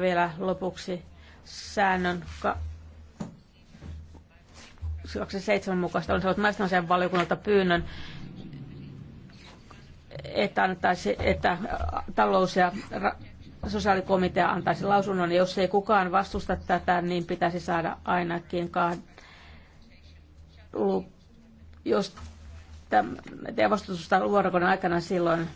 vielä lopuksi säännön ka- 27 mukaista on saanut naisten valiokunnalta pyynnön, että, antaisi, että talous- ja sosiaalikomitea antaisi lausunnon. Jos ei kukaan vastusta tätä, niin pitäisi saada ainakin kahden, jos tämä vastustusta vuorokauden aikana silloin